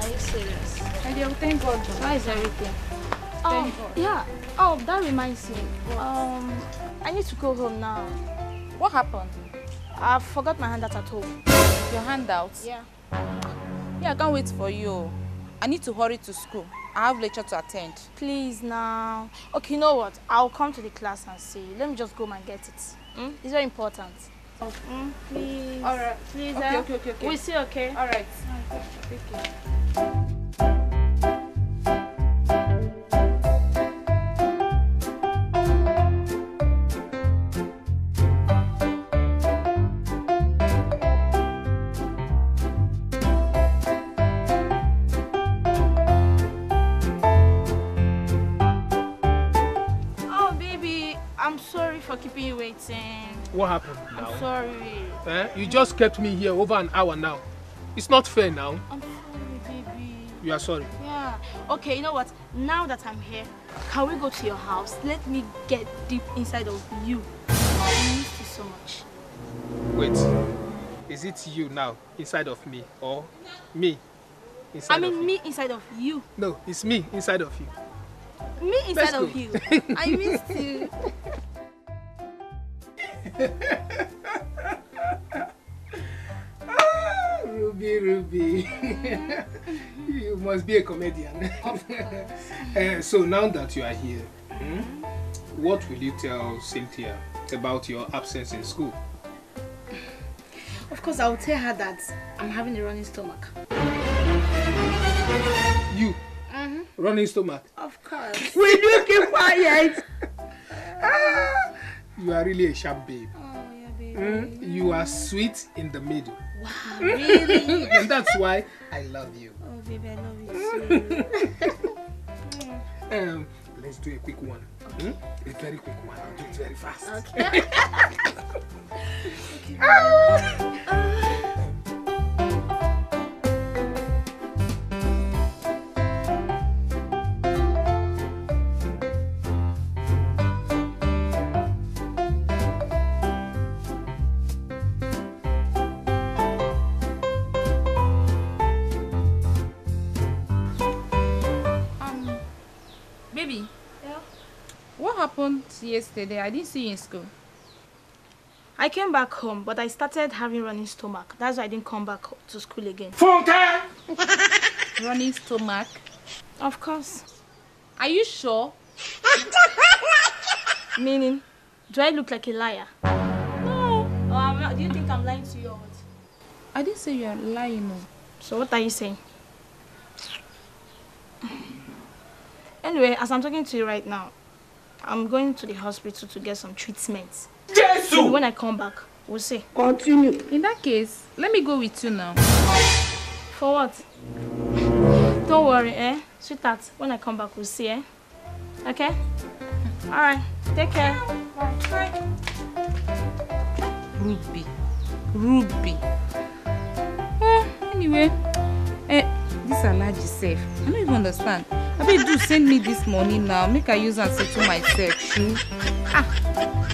Are you serious? I do thank God. Why is everything? God. yeah. Oh, that reminds me. Um, I need to go home now. What happened? I forgot my handout at home. Your handout? Yeah. Yeah, I can't wait for you. I need to hurry to school. I have lecture to attend. Please now. Okay, you know what? I'll come to the class and see. Let me just go and get it. Mm? It's very important. Oh. please. All right. Please. Uh, okay, okay, okay, We see. Okay. All right. Okay. Thank you. for keeping you waiting. What happened now? I'm sorry. Eh? You just kept me here over an hour now. It's not fair now. I'm sorry, baby. You are sorry? Yeah. Okay, you know what? Now that I'm here, can we go to your house? Let me get deep inside of you. I miss you so much. Wait. Is it you now inside of me or me inside I mean of you? me inside of you. No, it's me inside of you. Me inside of you. I missed you. Ruby, Ruby, you must be a comedian. Uh, so now that you are here, hmm, what will you tell Cynthia about your absence in school? Of course, I'll tell her that I'm having a running stomach. You? Mm -hmm. Running stomach? Of course. Will you keep quiet? ah you are really a sharp babe. Oh, yeah, mm, you are sweet in the middle. Wow, really? and that's why I love you. Oh, baby, I love you so. um, let's do a quick one. Okay. Hmm? A very quick one. I'll do it very fast. Okay. okay. yesterday. I didn't see you in school. I came back home, but I started having running stomach. That's why I didn't come back to school again. Funke! running stomach? Of course. Are you sure? Meaning, do I look like a liar? No. Oh, I'm not. Do you think I'm lying to you or what? I didn't say you're lying. No. So what are you saying? Anyway, as I'm talking to you right now, I'm going to the hospital to get some treatments. Jesus! when I come back, we'll see. Continue. In that case, let me go with you now. For what? Don't worry, eh? Sweetheart, when I come back, we'll see, eh? Okay? Alright, take care. Bye. Ruby. Ruby. Eh, anyway, eh, this allergy safe. I don't even understand. abeg do send me this money now make i use am settle my sef shoe ah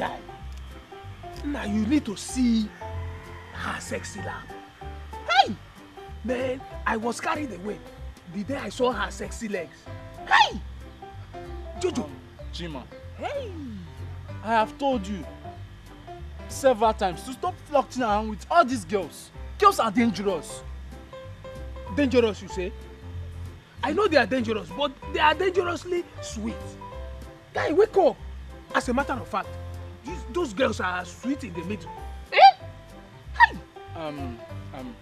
guy na you need to see her sexy laugh hey man i was carried away the day i saw her sexy legs hey jojo um, chima hey i have told you several times to stop flirting around with all these girls girls are dangerous dangerous you say i know they are dangerous but they are dangerously sweet guy wake up as a matter of fact Those girls are sweet in the middle. Eh? Hi. Um, um,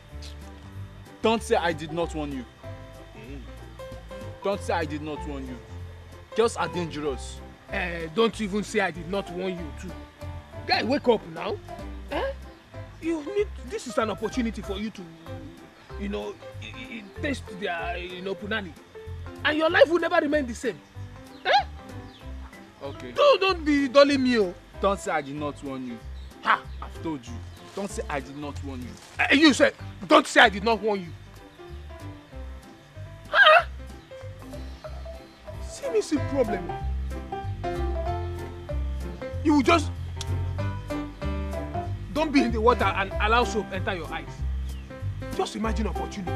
don't say I did not warn you. Don't say I did not warn you. Girls are dangerous. Uh, don't even say I did not warn you too. Guy, wake up now. Eh? You need, this is an opportunity for you to, you know, taste their, you know, punani. And your life will never remain the same. Eh? Okay. Don't, don't be dolly me, oh. Don't say I did not warn you. Ha! I've told you. Don't say I did not warn you. Uh, you said, don't say I did not warn you. Ha! see problem. You will just don't be in the water and allow soap enter your eyes. Just imagine opportunity.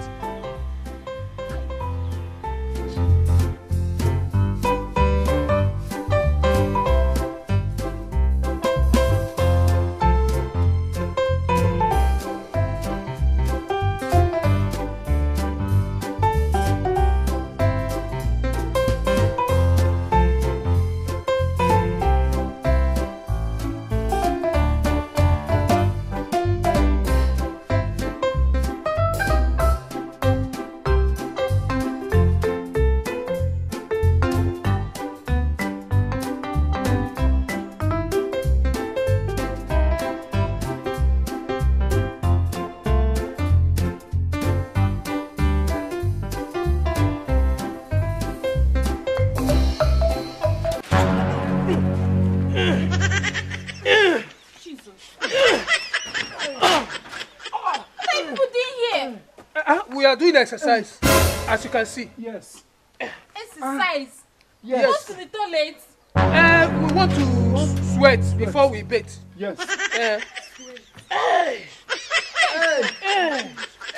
doing exercise, as you can see. Yes. Exercise? Ah, yes. Go to the toilet. Uh, we want to sweat before we bathe. Yes. Uh, hey! Hey! Hey! Hey!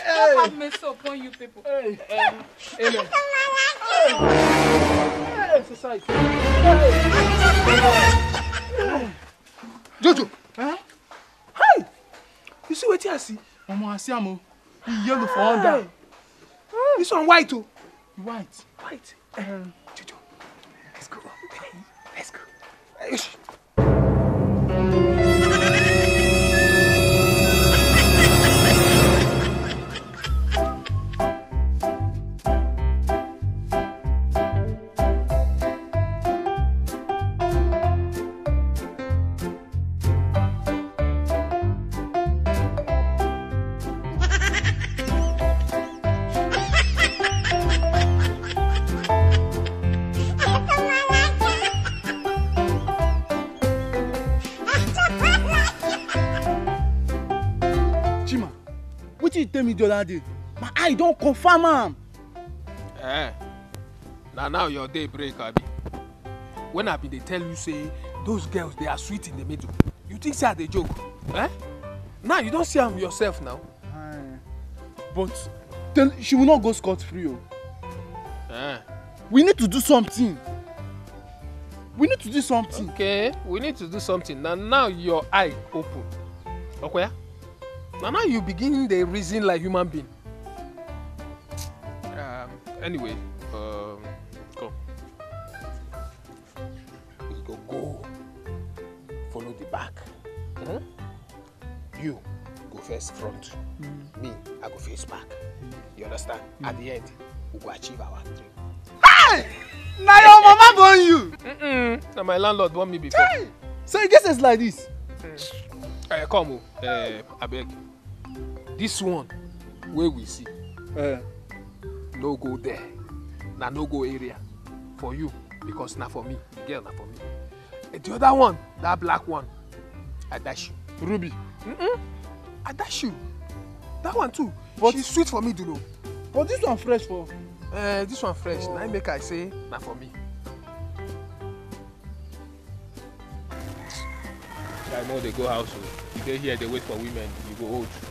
have mercy upon you people. Hey! Um, amen. Hey! Exercise. Hey! Jojo! Huh? Hey! You see wetin I see? Omo, I see him. He yelled for all under. Oh, this one white too. Oh. White? White. Uh, let's go. Let's go. me the other day my eye don confam am. Eh, na now your day break abi when i bin dey tell you say those girls they are sweet in the middle you think say i dey joke eh? now you don see am yourself now. Aye. but tell she will not go scot free o. Oh. Eh. we need to do something we need to do something. okay we need to do something na now your eye open okoya. Okay? Now, now you begin the reason like human being um, anyway um, go we go go follow the back mm -hmm. you go face front mm me i go face back mm you understand mm at the end we go achieve our dream. Hey! Now your mama born you. Mm -mm. Now my landlord born me before. Hey! so e get sense like this. Mm. Uh, come Uh, I beg this one wey we see uh. no go there na no go area for you because na for me the girl na for me and the other one that black one i dash you ruby mm -mm, i dash you that one too but she sweet for me to know but this one fresh for uh, this one fresh oh. na make i say na for me i know they go house o oh. you dey here dey wait for women you go old